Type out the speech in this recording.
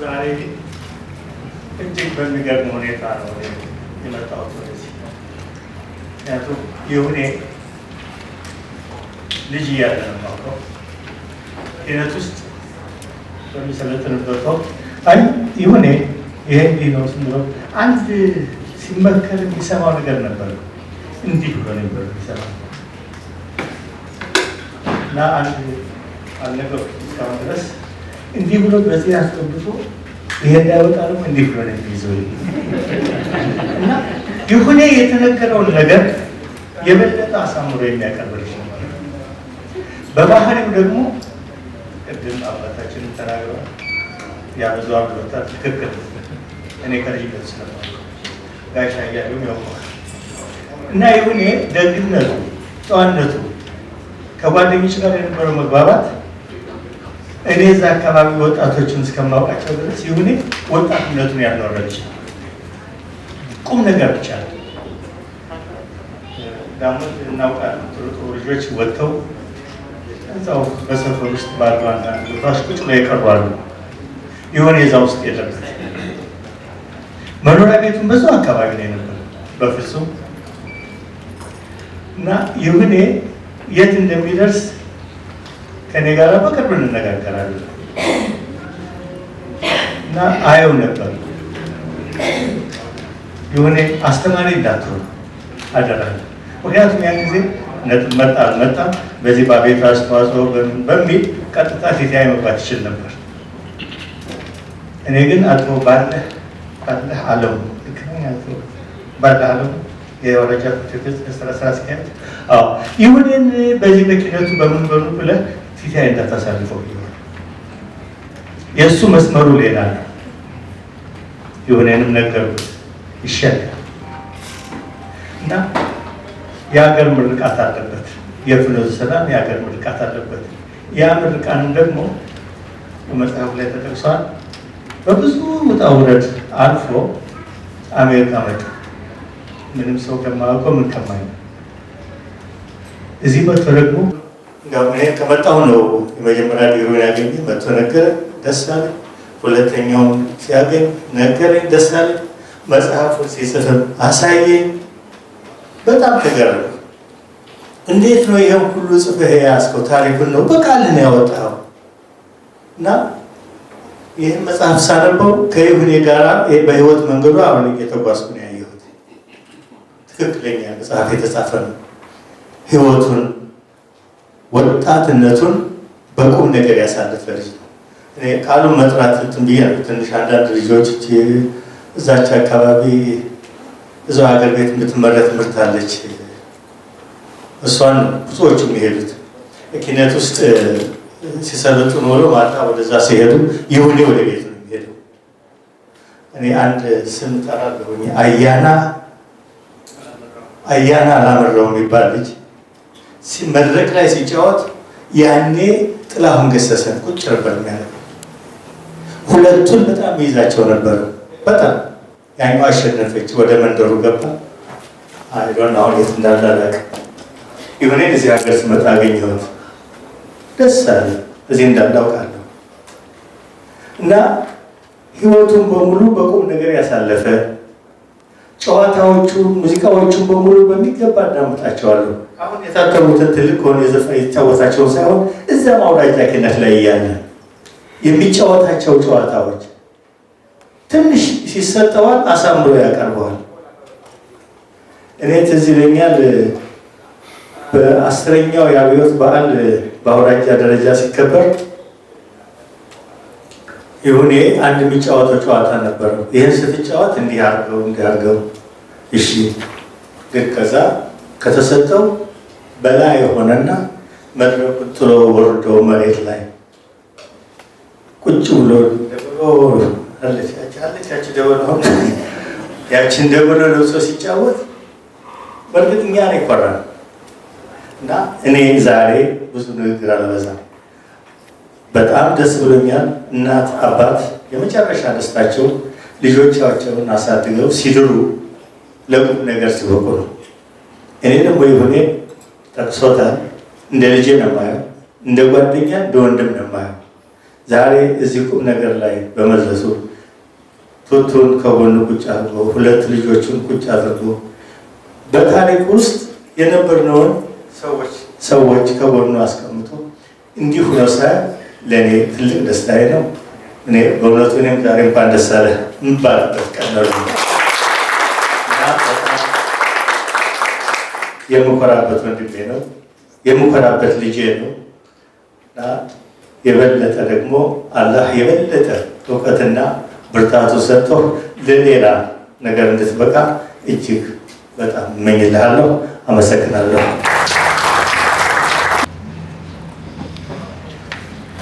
ዛሬ እጅግ በሚገርም ሁኔታ ነው የመጣሁት ወደዚህ። ምክንያቱም ይሁኔ ልጅ እያለ ነው የማውቀው። ጤነት ውስጥ በሚሰለጥንበት ወቅት ይሁኔ ይሄ እንዲህ ነው ስንለው አንድ ሲመከር የሚሰማው ነገር ነበር። እንዲህ ብሎ ነበር የሚሰማው እና አንድ አልነገርኩት እስካሁን ድረስ እንዲህ ብሎ በዚህ አስገብቶ ይሄን ያወጣ ደግሞ እንዲህ ብሎ ነው የሚይዘው እና ይሁኔ የተነገረውን ነገር የበለጠ አሳምሮ የሚያቀርብልሽ ነው። በባህሪው ደግሞ ቅድም አባታችን ተናግረዋል። ያ ብዙ አብሎታ ትክክል። እኔ ከልጅነት ስለማ ጋሻ እያሉም ያውቀዋል እና ይሁኔ ደግነቱ፣ ጨዋነቱ ከጓደኞች ጋር የነበረው መግባባት እኔ እዛ አካባቢ ወጣቶችን እስከማውቃቸው ድረስ ይሁን ወጣትነቱን ያልኖረች ቁም ነገር ብቻ ዳሞት እናውቃለን። ጥሩ ጥሩ ልጆች ወጥተው እዛው በሰፈር ውስጥ ባሉ አንዳንድ ቦታዎች ቁጭ ላይ ይቀርባሉ። የሆነ የዛ ውስጥ የለም። መኖሪያ ቤቱን ብዙ አካባቢ ላይ ነበር በፍጹም እና ይሁኔ የት እንደሚደርስ ከኔ ጋር በቅርብ እንነጋገራለን እና አየው ነበር። የሆነ አስተማሪ እንዳትሆን አደራ። ምክንያቱም ያን ጊዜ ነጥብ መጣ በዚህ በአቤቱ አስተዋጽኦ በሚል ቀጥታ ሲታይ መግባት ይችል ነበር። እኔ ግን አቶ ባለህ ባለህ አለው ባለህ አለው የወረጃ ትክክል ስራ ስራ አስኪያጅ ይሁንን በዚህ በኪነቱ በምን በምን ብለህ ፊት ላይ እንዳታሳልፈው ይሆናል። የእሱ መስመሩ ሌላ ነው። የሆነንም ነገሩት ይሸላል እና የሀገር ምርቃት አለበት። የፍኖተ ሰላም የሀገር ምርቃት አለበት። ያ ምርቃንም ደግሞ በመጽሐፍ ላይ ተጠቅሷል። በብዙ ውጣ ውረድ አልፎ አሜሪካ መጣ። ምንም ሰው ከማያውቀው ምን ከማይ እዚህ መጥቶ ደግሞ እኔ ከመጣሁ ነው የመጀመሪያ ዲግሪውን ያገኘ መቶ ነገረ ደስ አለኝ። ሁለተኛውን ሲያገኝ ነገረኝ፣ ደስ አለኝ። መጽሐፉን ሲጽፍም አሳየኝ። በጣም ተገረምኩ። እንዴት ነው ይህም ሁሉ ጽፈህ የያዝከው? ታሪኩን ነው በቃልን ያወጣው እና ይህን መጽሐፍ ሳነበው ከይሁኔ ጋር በህይወት መንገዱ አሁን እየተጓዝኩ ነው ያየሁት። ትክክለኛ መጽሐፍ የተጻፈ ነው ህይወቱን ወጣትነቱን በቁም ነገር ያሳለፈ ልጅ ነው። እኔ ቃሉ መጥራት እንትን ብዬ ትንሽ አንዳንድ ልጆች እዛች አካባቢ እዛው ሀገር ቤት የምትመረት ምርት አለች። እሷን ብዙዎቹ የሚሄዱት ኪነት ውስጥ ሲሰለጡ ኖሮ ማታ ወደዛ ሲሄዱ ይሁን ወደ ቤት ነው የሚሄደው። እኔ አንድ ስም ጠራ አያና አያና አላምረው የሚባል ልጅ መድረክ ላይ ሲጫወት ያኔ ጥላሁን ገሰሰን ቁጭ ነበር ሁለቱን በጣም ይዛቸው ነበር። በጣም ያኛው አሸነፈች፣ ወደ መንደሩ ገባ። አይዶን አሁን የት እንዳላላቅ የሆነ እዚህ ሀገር ስመጣ አገኘሁት። ደስ አለ እዚህ እንዳላውቃለሁ እና ህይወቱን በሙሉ በቁም ነገር ያሳለፈ ጨዋታዎቹ ሙዚቃዎቹን በሙሉ በሚገባ እናመጣቸዋለሁ። አሁን የታተሙትን ትልቅ ሆኖ የተጫወታቸውን ሳይሆን እዛ ማውራጃ ኪነት ላይ እያለ የሚጫወታቸው ጨዋታዎች ትንሽ ሲሰጠዋል አሳምሮ ያቀርበዋል። እኔ ትዝ ይለኛል በአስረኛው የአብዮት በዓል በአውራጃ ደረጃ ሲከበር ይሁኔ አንድ የሚጫወተው ጨዋታ ነበረው። ይህን ስትጫወት እንዲህ አርገው እንዲህ አርገው እሺ ግን ከዛ ከተሰጠው በላይ የሆነና መድረኩን ጥሎ ወርዶ መሬት ላይ ቁጭ ብሎ ደብሎ አለቻች ደብሎ ያችን ደብሎ ለብሶ ሲጫወት በእርግጥ እኛ ነው ይኮራል። እና እኔ ዛሬ ብዙ ንግግር አልበዛም። በጣም ደስ ብሎኛል። እናት አባት የመጨረሻ ደስታቸው ልጆቻቸውን አሳድገው ሲድሩ ለቁም ነገር ሲበቁ ነው። እኔ ደግሞ የሆነ ጠቅሶታል። እንደ ልጄ ነው የማየው፣ እንደ ጓደኛ እንደ ወንድም ነው የማየው። ዛሬ እዚህ ቁም ነገር ላይ በመድረሱ ቱቱን ከጎኑ ቁጭ አድርጎ ሁለት ልጆችን ቁጭ አድርጎ በታሪክ ውስጥ የነበርነውን ሰዎች ከጎኑ አስቀምጦ እንዲሁ ነው ሳ ለእኔ ትልቅ ደስታዬ ነው። እኔ በእውነቱ እኔም ዛሬ እንኳን ደስ አለህ የምባልበት ቀን ነው። የምኮራበት ወንድሜ ነው፣ የምኮራበት ልጄ ነው እና የበለጠ ደግሞ አላህ የበለጠ እውቀትና ብርታቱ ሰጥቶ ለሌላ ነገር እንድትበቃ እጅግ በጣም እመኝልሃለሁ። አመሰግናለሁ።